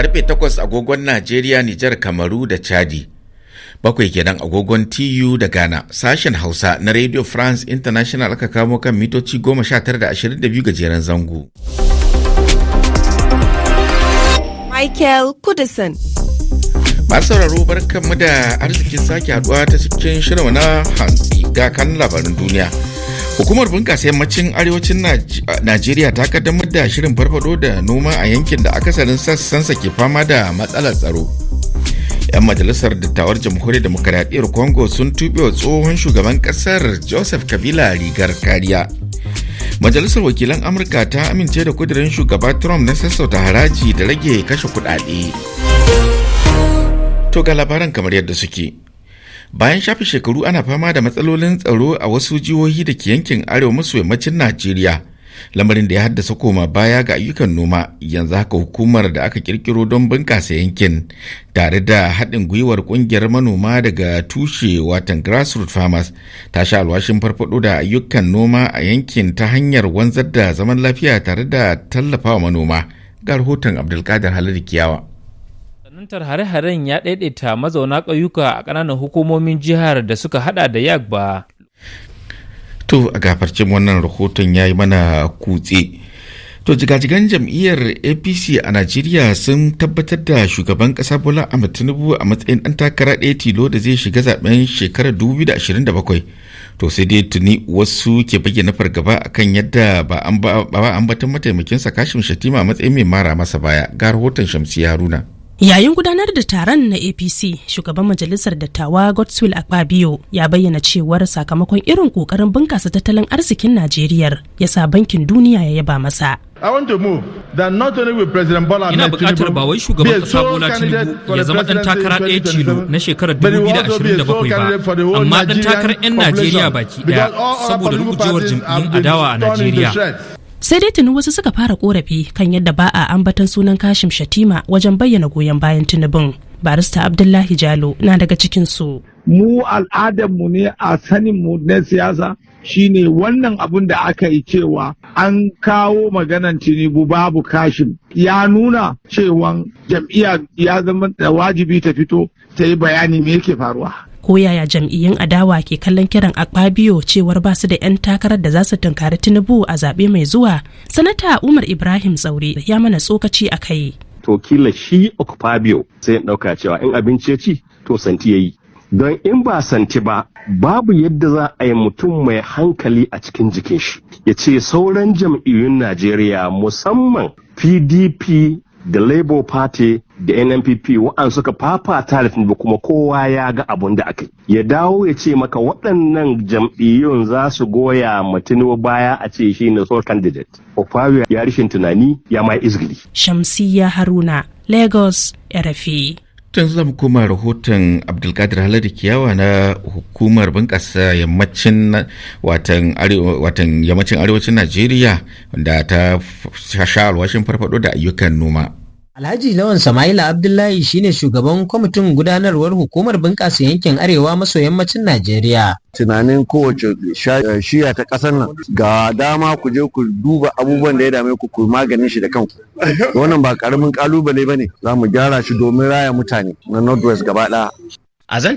karfe 8 agogon Najeriya, Nijar, Kamaru da Chadi. Bakwai kenan agogon TU da Ghana, sashen Hausa na Radio France International aka kamo kan mitoci sha tara da biyu gajeren zango. Michael Kudison. Masu sauraro barkanmu da arzikin sake haduwa ta cikin shirin na hantsi ga kan labarin duniya. Hukumar bunƙasa yammacin arewacin Najeriya ta kaddamar da shirin farfado da noma a yankin da akasarin sassansa ke fama da matsalar tsaro. 'Yan majalisar dattawar jamhuriyar demokaradiyyar Congo sun tuɓe wa tsohon shugaban ƙasar Joseph Kabila rigar kariya. Majalisar wakilan Amurka ta amince da kudirin shugaba Trump na sassauta haraji da rage kashe kuɗaɗe. To ga labaran kamar yadda suke. bayan shafe shekaru ana fama da matsalolin tsaro a wasu jihohi da ke yankin arewa maso yammacin najeriya lamarin da ya haddasa koma baya ga ayyukan noma yanzu haka hukumar da aka kirkiro don bunkasa yankin tare da haɗin gwiwar ƙungiyar manoma daga tushe watan grassroots farmers ta sha alwashin farfaɗo da ayyukan noma a yankin ta hanyar wanzar da zaman lafiya tare da tallafawa manoma ga rahoton abdulkadir halil kiyawa Tsanantar hare-haren ya ɗaiɗaita mazauna ƙauyuka a ƙananan hukumomin jihar da suka hada da Yagba. To a gafarcin wannan rahoton ya yi mana kutse. To jigajigan jam'iyyar APC a Najeriya sun tabbatar da shugaban ƙasa Bola Ahmed Tinubu a matsayin ɗan takara ɗaya tilo da zai shiga zaben shekarar 2027. To sai dai tuni wasu ke bayyana fargaba a kan yadda ba an batun mataimakinsa kashin Shatima a matsayin mai mara masa baya ga rahoton Shamsi Haruna. Yayin gudanar da taron na APC, shugaban majalisar dattawa Godswill Akpabio ya bayyana cewar sakamakon irin kokarin bunkasa tattalin arzikin Najeriya ya sa bankin duniya ya yaba masa. Ina bukatar ba wai shugaban kasa Bola Tinubu ya zama dan takara ɗaya tilo na shekarar 2027 ba, amma dan takarar 'yan Najeriya baki ɗaya saboda rugujewar jam'iyyun adawa a Najeriya. sai dai tuni wasu suka fara korafi kan yadda ba a ambatan sunan kashim shatima wajen bayyana goyon bayan tunubin barista abdullahi jalo na daga cikin su mu al'adarmu ne a sanin mu na siyasa shine wannan abun da aka yi cewa an kawo maganan tinubu babu kashim ya nuna cewan jam'iyya ya zama da wajibi ta fito ta yi bayani me yake faruwa ko yaya jam'iyyun adawa ke kallon kiran akpabio cewar ba su da 'yan takarar da za su tunkari tinubu a zaɓe mai zuwa sanata umar ibrahim tsaure ya mana tsokaci a kai to kila shi sai in ɗauka cewa in abinci ya ci to santi ya yi don in ba santi ba babu yadda za a yi mutum mai hankali a cikin jikin shi ya ce sauran jam'iyyun najeriya musamman pdp da labour party da nnpp wa'an suka fafata da tinubu kuma kowa ya ga abun da aka ya dawo ya ce maka waɗannan jam'iyyun za su goya ma baya a ce shi ne sole candidate ofawiya ya rishin tunani ya mai izgili Shamsiyya haruna lagos rfa yanzu zamu koma rahoton abdulkadir halari kiyawa na hukumar bunƙasa yammacin arewacin najeriya da ta sha alwashin farfado da ayyukan noma Alhaji Lawan Samaila Abdullahi shine shugaban kwamitin gudanarwar hukumar bunƙasa yankin Arewa maso yammacin Najeriya. Tunanin kowace eh, shiya ta ƙasar nan ga dama ku je ku duba abubuwan da ya dame ku ku maganin shi da kanku. Wannan ba ƙaramin ƙalubale ba ne za mu gyara shi domin raya mutane na North-West gaba ɗaya. A sa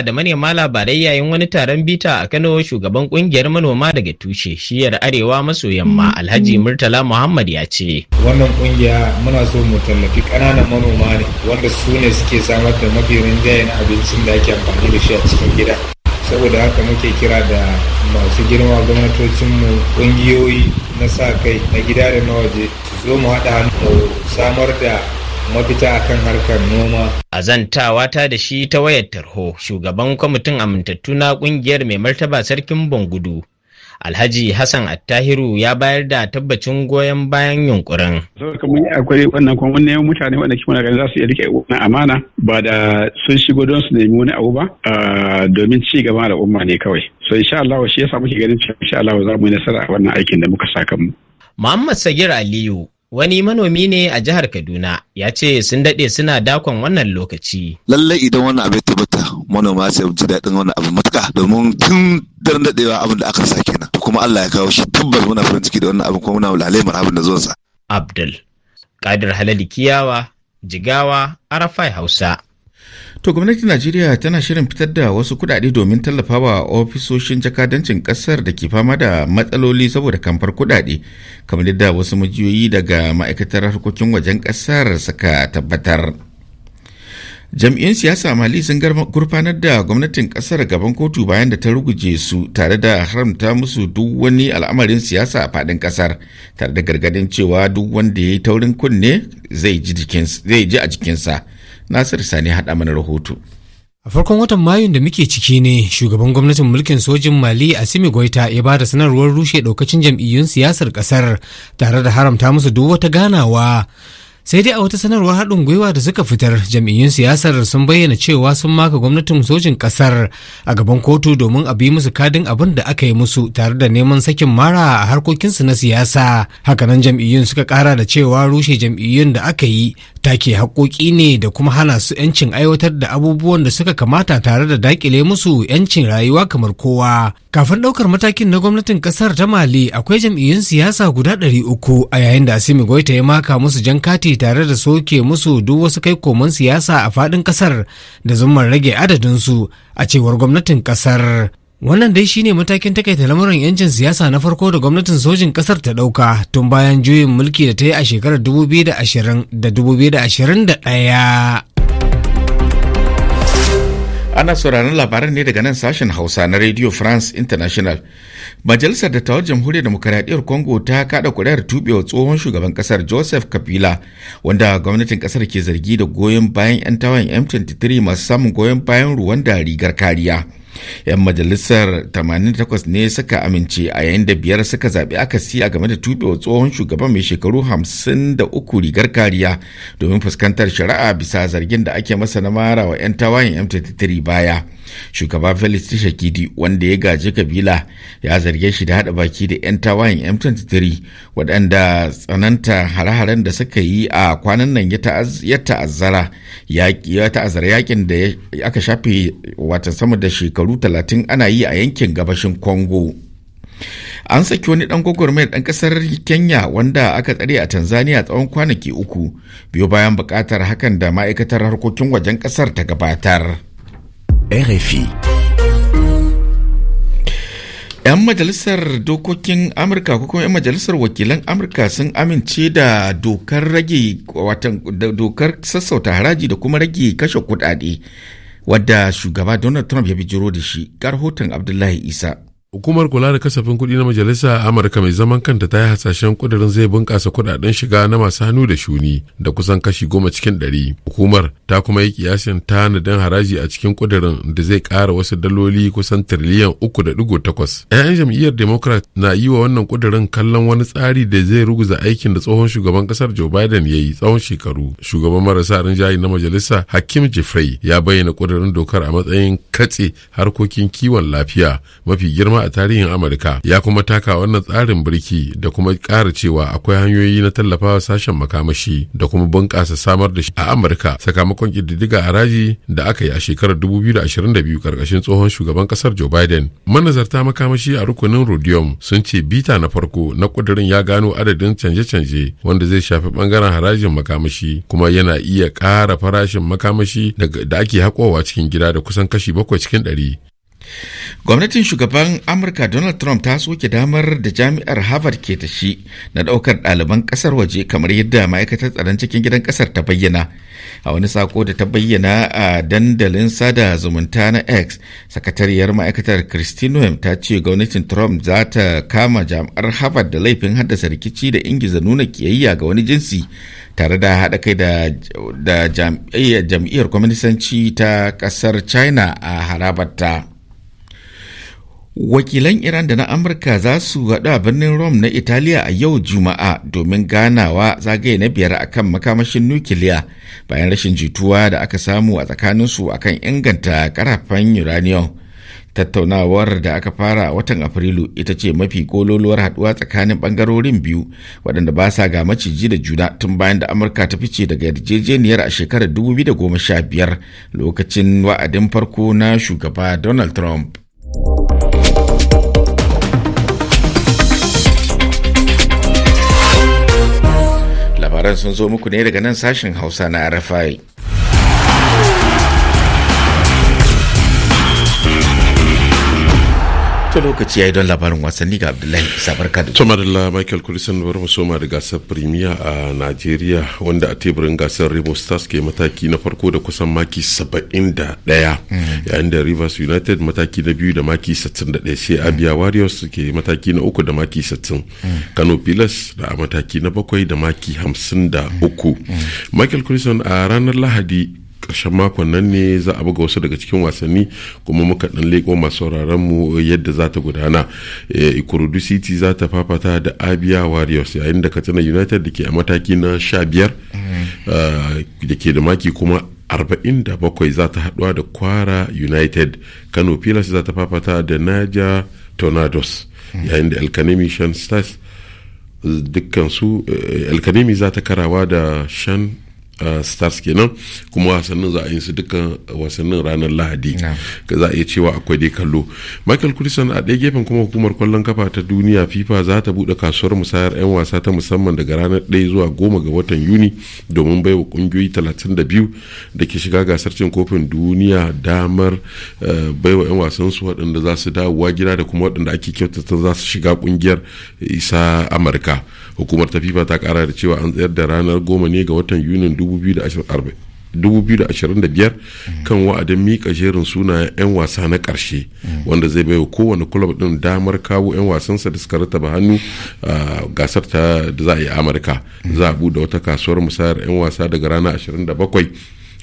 da manema labarai yayin wani taron bita a Kano shugaban kungiyar manoma daga tushe shiyar arewa maso yamma Alhaji Murtala Muhammad ya ce. Wannan kungiya muna so mu tallafi ƙananan manoma ne wanda su ne suke samar da mafi rinjayen abincin da ake amfani da shi a cikin gida. Saboda haka muke kira da masu girma gwamnatocinmu ƙungiyoyi na sa kai na gida da na waje su zo mu haɗa hannu samar da mafita a kan harkar noma. A zantawa ta da shi ta wayar tarho shugaban kwamitin amintattu na kungiyar mai martaba sarkin Bangudu. Alhaji Hassan Attahiru ya bayar da tabbacin goyon bayan yunkurin. Saboda mun akwai wannan kuma mun mutane wanda kuma na za su iya rike na amana ba da sun shigo don su nemi wani abu ba domin ci gaba da umma ne kawai. So insha Allah shi yasa muke ganin cewa insha Allah za mu yi nasara a wannan aikin da muka saka mu. Muhammad Sagir Aliyu Wani manomi ne a jihar Kaduna ya ce sun daɗe suna dakon wannan lokaci. Lallai idan wannan abu ya tabbata manoma sai ji daɗin wannan abu matuka domin tun daren daɗewa abin da aka sa kenan. Kuma Allah ya kawo shi tabbas muna farin ciki da wannan abin kuma muna lalemar abin da zuwansa. Abdul Kadir Halali Kiyawa Jigawa Arafai Hausa. To gwamnatin Najeriya tana shirin fitar da wasu kuɗaɗe domin tallafawa ofisoshin jakadancin ƙasar da ke fama da matsaloli saboda kamfar kuɗaɗe, kamar yadda wasu majiyoyi daga ma'aikatar harkokin wajen ƙasar suka tabbatar. Jam'iyyun siyasa Mali sun gurfanar da gwamnatin ƙasar gaban kotu bayan da ta ruguje su tare da haramta musu duk wani al'amarin siyasa a faɗin ƙasar, tare da gargadin cewa duk wanda ya yi taurin kunne zai ji a jikinsa. Nasir Sani haɗa mana rahoto. A farkon watan Mayun da muke ciki ne shugaban gwamnatin mulkin sojin Mali Asimi Goita ya ba da sanarwar rushe ɗaukacin jam'iyyun siyasar ƙasar tare da haramta musu duk wata ganawa sai dai a wata sanarwar haɗin gwiwa da suka fitar jam'iyyun siyasar sun bayyana cewa sun maka gwamnatin sojin ƙasar a gaban kotu domin a bi musu kadin abin da aka yi musu tare da neman sakin mara a harkokinsu na siyasa hakanan jam'iyyun suka ƙara da cewa rushe jam'iyyun da aka yi take haƙoƙi ne da kuma hana su 'yancin aiwatar da abubuwan da suka kamata tare da dakile musu 'yancin rayuwa kamar kowa. Kafin ɗaukar matakin na gwamnatin ƙasar ta Mali akwai jam'iyyun siyasa guda ɗari uku a yayin da Asimi Goita ya maka musu jan kati tare da soke musu duk wasu kai koman siyasa a faɗin ƙasar da zumar rage adadinsu a cewar gwamnatin ƙasar. Wannan dai shine matakin takaita lamuran yancin siyasa na farko da gwamnatin sojin ƙasar ta ɗauka tun bayan juyin mulki da ta yi a shekarar 2020 da 2021. Ana sauraron labaran ne daga nan sashen Hausa na Radio France International. Majalisar Dattawan Jamhuriyar Demokaradiyyar Congo ta kada kuri'ar tubewa tsohon shugaban kasar Joseph Kabila wanda gwamnatin kasar ke zargi da goyon bayan 'yan tawayen M23 masu samun goyon bayan ruwan da rigar kariya. 'Yan majalisar 88 ne suka amince a yayin da biyar suka zaɓi akasi a game da tubewa tsohon shugaban mai shekaru 53 rigar kariya domin fuskantar shari'a bisa zargin da ake masa na mara 'yan tawayen M23 baya. shugaba felix tshisekedi wanda ya gaji kabila ya zarge shi da hada baki da 'yan tawayen m23 waɗanda tsananta hare-haren da suka yi a kwanan nan ya ta'azzara yakin da aka shafe wata sama da shekaru 30 ana yi a yankin gabashin congo an saki wani dan gwagwarmayar dan kasar kenya wanda aka tsare a tanzania tsawon kwanaki uku biyu bayan bukatar hakan da ma'aikatar harkokin wajen kasar ta gabatar RFI. 'Yan majalisar dokokin Amurka ko kuma 'yan majalisar wakilan Amurka sun amince da dokar rage watan dokar sassauta haraji da kuma rage kashe kudade wadda shugaba Donald Trump ya bijiro da shi. Ga Abdullahi Isa. Hukumar kula da kasafin kuɗi na Majalisa a Amurka mai zaman kanta ta yi hasashen kudirin zai bunƙasa kuɗaɗen shiga na masu hannu da shuni da kusan kashi goma cikin ɗari. Hukumar ta kuma yi kiyasin tanadin haraji a cikin kudirin da zai ƙara wasu daloli kusan tiriliyan uku da ɗigo takwas. 'Ya'yan jam'iyyar Democrat na yi wa wannan kudirin kallon wani tsari da zai ruguza aikin da tsohon shugaban ƙasar Joe Biden ya yi tsawon shekaru. Shugaban marasa rinjaye na Majalisa Hakim Jeffrey ya bayyana kudirin dokar a matsayin katse harkokin kiwon lafiya mafi girma girma a tarihin amurka ya kuma taka wannan tsarin birki da kuma ƙara cewa akwai hanyoyi na tallafawa sashen makamashi da kuma bunƙasa samar da shi a amurka sakamakon ƙididdiga haraji da aka yi a shekarar 2022 ƙarƙashin tsohon shugaban ƙasar joe biden manazarta makamashi a rukunin rhodium sun ce bita na farko na ƙudurin ya gano adadin canje-canje wanda zai shafi ɓangaren harajin makamashi kuma yana iya ƙara farashin makamashi da ake haƙowa cikin gida da kusan kashi bakwai cikin ɗari gwamnatin shugaban amurka donald trump ta soke damar da jami'ar harvard ke da shi na daukar ɗaliban ƙasar waje kamar yadda ma'aikatar tsaron cikin gidan ƙasar ta bayyana a wani sako da ta bayyana a dandalin sada zumunta na x sakatariyar ma'aikatar christine Noem ta ce gwamnatin trump za ta kama jami'ar harvard da laifin haddasa rikici da ingiza nuna kiyayya ga wani jinsi tare da haɗa kai da eh, jam'iyyar kwaminisanci ta ƙasar china a harabarta. wakilan iran da na amurka za su haɗu a birnin rome na italiya a yau juma'a domin ganawa zagaye na biyar a kan makamashin nukiliya bayan rashin jituwa da aka samu a tsakaninsu kan inganta karafan uranium tattaunawar da aka fara a watan afrilu ita ce mafi kololuwar haduwa tsakanin bangarorin biyu waɗanda ba sa ga maciji da juna tun bayan da amurka ta fice daga yarjejeniyar a shekarar 2015 lokacin wa'adin farko na shugaba donald trump labaran sun zo muku ne daga nan sashen hausa na rfi to lokaci ya yi don labarin wasanni ga abdullahi isa barka da tumar da michael kulisan bar soma da gasar premier a nigeria wanda a teburin gasar remo stars ke mataki na farko da kusan maki 71 mm. yayin da rivers united mataki na biyu da maki 61 sai abia warriors ke mataki na uku da maki 60 mm. kano pilas da a mataki na bakwai da maki 53 mm. michael kulisan a ranar lahadi karshen makon nan ne za a buga wasu daga cikin wasanni kuma muka dan leƙo masu sauraron mu yadda za ta gudana eh, ikurudu city za ta fafata da abia warriors yayin da katsina united da ke a mataki na sha biyar mm-hmm. eh, da ke da maki kuma arba'in 47 za ta haɗuwa da kwara united kano pilas za ta fafata da naja tornadoes mm-hmm. yayin da alkanemi shan stars eh, su alkanemi za ta karawa da shan Uh, stars kenan kuma wasannin za a yi su dukkan wasannin ranar lahadi ka za a iya cewa akwai dai kallo michael christian a ɗaya gefen kuma hukumar kwallon kafa ta duniya fifa za ta buɗe kasuwar musayar 'yan wasa ta musamman daga ranar ɗaya zuwa goma ga watan yuni domin baiwa ƙungiyoyi talatin da biyu ke shiga gasar cin kofin duniya damar uh, baiwa 'yan wasan su waɗanda za su dawowa gida da kuma waɗanda ake kyautata za su shiga ƙungiyar isa amurka hukumar ta fifa ta kara da cewa an tsayar da ranar goma ne ga watan yunin 2025 kan wa'adin mika jerin sunayen 'yan wasa na karshe wanda zai baiwa kowane kulob din damar kawo 'yan wasansa da suka rataba hannu a gasar ta da za a yi amurka za a buɗe wata kasuwar musayar 'yan wasa daga ranar 27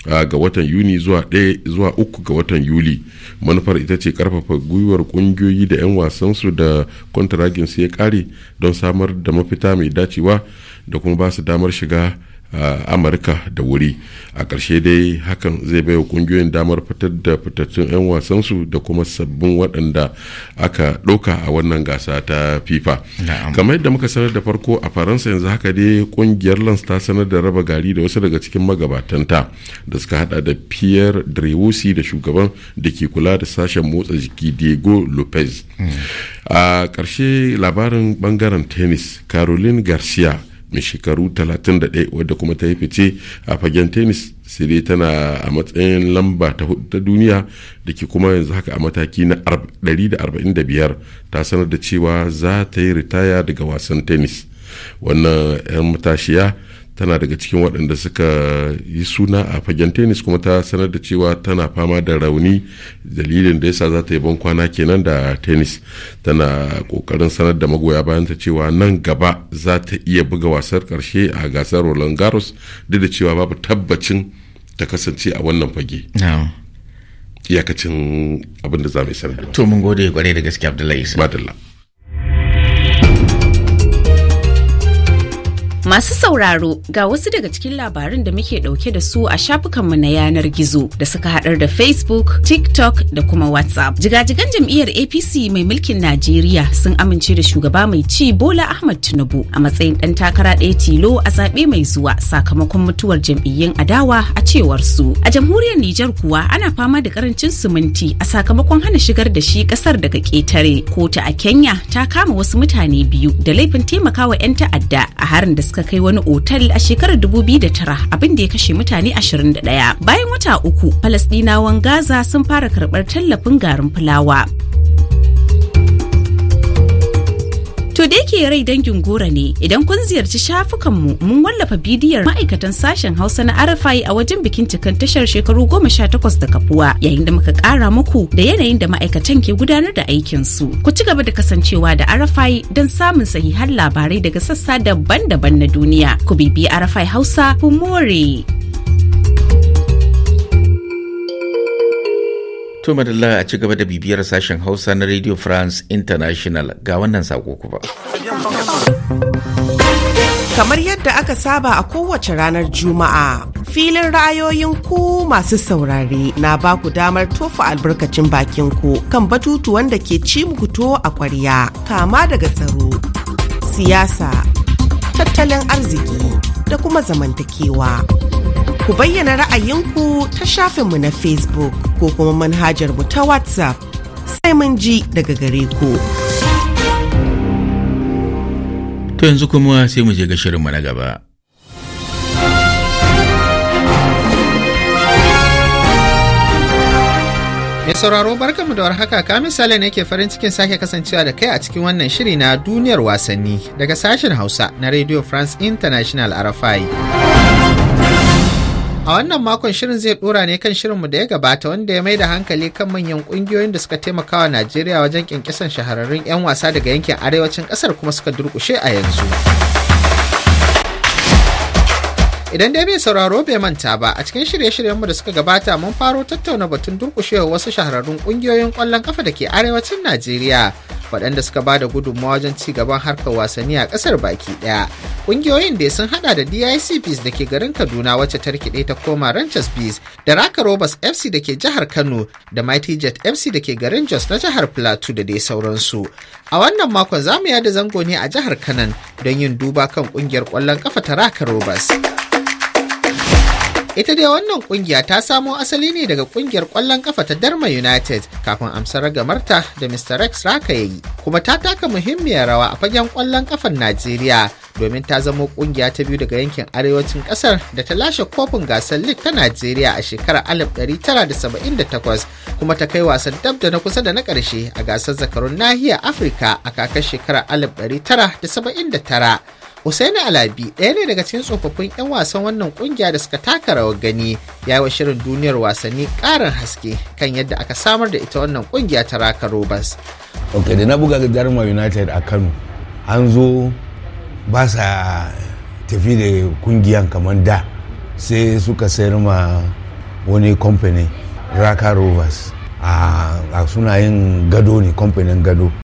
ga watan yuni zuwa ɗaya zuwa uku ga watan yuli manufar ita ce karfafa gwiwar kungiyoyi da 'yan wasansu da kwantaragin su ya ƙare don samar da mafita mai dacewa da kuma ba su damar shiga amurka da wuri a ƙarshe dai hakan zai baiwa ƙungiyoyin damar fitar da fitattun 'yan wasansu da kuma sabbin waɗanda aka ɗauka a wannan gasa ta fifa kamar yadda muka sanar da farko a faransa yanzu haka dai ƙungiyar lans ta sanar da raba gari da wasu daga cikin magabatanta da suka hada da pierre drewusi da shugaban da ke kula da sashen motsa jiki diego lopez hmm. a ƙarshe labarin bangaren tennis caroline garcia mai shekaru 31 wadda kuma ta yi fice a fagen tennis sai dai tana a matsayin lamba ta hudu ta duniya da ke kuma yanzu haka a mataki na 145 ta sanar da cewa za ta yi ritaya daga wasan tennis wannan 'yan matashiya tana daga cikin waɗanda suka yi suna a fagen tennis kuma ta sanar da cewa tana fama da rauni dalilin da yasa za ta yi ban kwana kenan da tennis tana ƙoƙarin sanar da magoya bayan ta cewa nan gaba za ta iya buga wasar ƙarshe a gasar roland garros duk da cewa babu tabbacin ta kasance a wannan fage iyakacin abin da za mu yi sanar to gode kwarai da gaske abdullahi Masu sauraro ga wasu daga cikin labarin da muke dauke da su a shafukanmu na yanar gizo da suka haɗar da Facebook, TikTok da kuma WhatsApp. Jigajigan jam'iyyar APC mai mulkin Najeriya sun amince da shugaba mai ci Bola Ahmad Tinubu a matsayin ɗan takara ɗaya tilo a zaɓe mai zuwa sakamakon mutuwar jam'iyyun adawa a cewar su. A jamhuriyar Nijar kuwa ana fama da karancin siminti a sakamakon hana shigar da shi ƙasar daga ƙetare. Kota a Kenya ta kama wasu mutane biyu da laifin taimakawa 'yan ta'adda a harin da suka kai wani otal a shekarar dubu biyu da tara, abin da ya kashe mutane ashirin da ɗaya. bayan wata uku Falasɗinawan gaza sun fara karɓar tallafin garin fulawa To da yake rai dangin gora ne idan kun ziyarci shafukanmu mun wallafa bidiyar ma'aikatan sashen Hausa na Arafai a wajen bikin cikan tashar shekaru goma sha takwas da kafuwa yayin da muka kara muku da yanayin da ma'aikatan ke gudanar da aikin su Ku ci gaba da kasancewa da Arafai don samun sahihan labarai daga sassa daban-daban na duniya. Ku bibi Arafai Hausa ku more. To madalla a ci gaba da bibiyar sashen Hausa na Radio France International ga wannan sako kuma. Kamar yadda aka saba a kowace ranar Juma'a, filin ra'ayoyin ku masu saurare na ba ku damar tofa albarkacin bakin ku kan batutuwan da ke ci muku to a kwarya, kama daga tsaro, siyasa, tattalin arziki da kuma zamantakewa. Ku bayyana ra'ayinku ta shafinmu na Facebook ko kuma manhajar mu ta WhatsApp. Sai mun ji daga gare ku. To yanzu kuma sai mu je ga mu na gaba. Mai sauraro barkamu da warhaka ka misali ne ke farin cikin sake kasancewa da kai a cikin wannan shiri na duniyar wasanni daga sashen Hausa na Radio France International RFI. A wannan makon shirin zai dora ne kan shirinmu da ya gabata wanda ya mai da hankali kan manyan kungiyoyin da suka taimaka wa Najeriya wajen kyankyasan shahararrun 'yan wasa daga yankin arewacin ƙasar kuma suka durƙushe a yanzu. Idan dai bai sauraro bai manta ba a cikin shirye-shiryenmu da suka gabata mun faro tattauna batun durkushewa wasu shahararrun ƙungiyoyin ƙwallon kafa da ke arewacin Najeriya waɗanda suka ba da gudunmawa wajen ci gaban harkar wasanni a ƙasar baki ɗaya. Ƙungiyoyin da sun haɗa da DIC Bees da ke garin Kaduna wacce ta rikide ta koma Ranches Bees da Raka Robas FC da ke jihar Kano da Mighty Jet FC da ke garin Jos na jihar Plateau da dai sauransu. A wannan makon za mu yada zango ne a jihar Kanan don yin duba kan ƙungiyar ƙwallon kafa ta Raka Robas. Ita dai wannan kungiya ta samo asali ne daga kungiyar kwallon kafa ta Darma United kafin amsar ragamarta da Mr. Rex Raka ya yi, kuma ta taka muhimmiyar rawa a fagen kwallon kafan Najeriya domin ta zamo kungiya ta biyu daga yankin arewacin kasar da ta lashe kofin gasar league ta Najeriya a shekarar 1978 kuma ta kai wasan dab da na kusa da na ƙarshe a gasar zakarun nahiyar Afirka a kakar shekarar 1979. Usaini Alabi ɗaya ne daga cikin tsofaffin 'yan wasan wannan ƙungiya da suka taka rawar gani ya yi shirin duniyar wasanni ƙarin haske kan yadda aka samar da ita wannan ƙungiya ta Raka Robas. Ok, da na buga Jarma United a Kano an zo ba sa tafi da kungiyan kamar da sai suka sayar ma wani kamfani Raka Rovers a ah, ah, suna yin gado ne kamfanin gado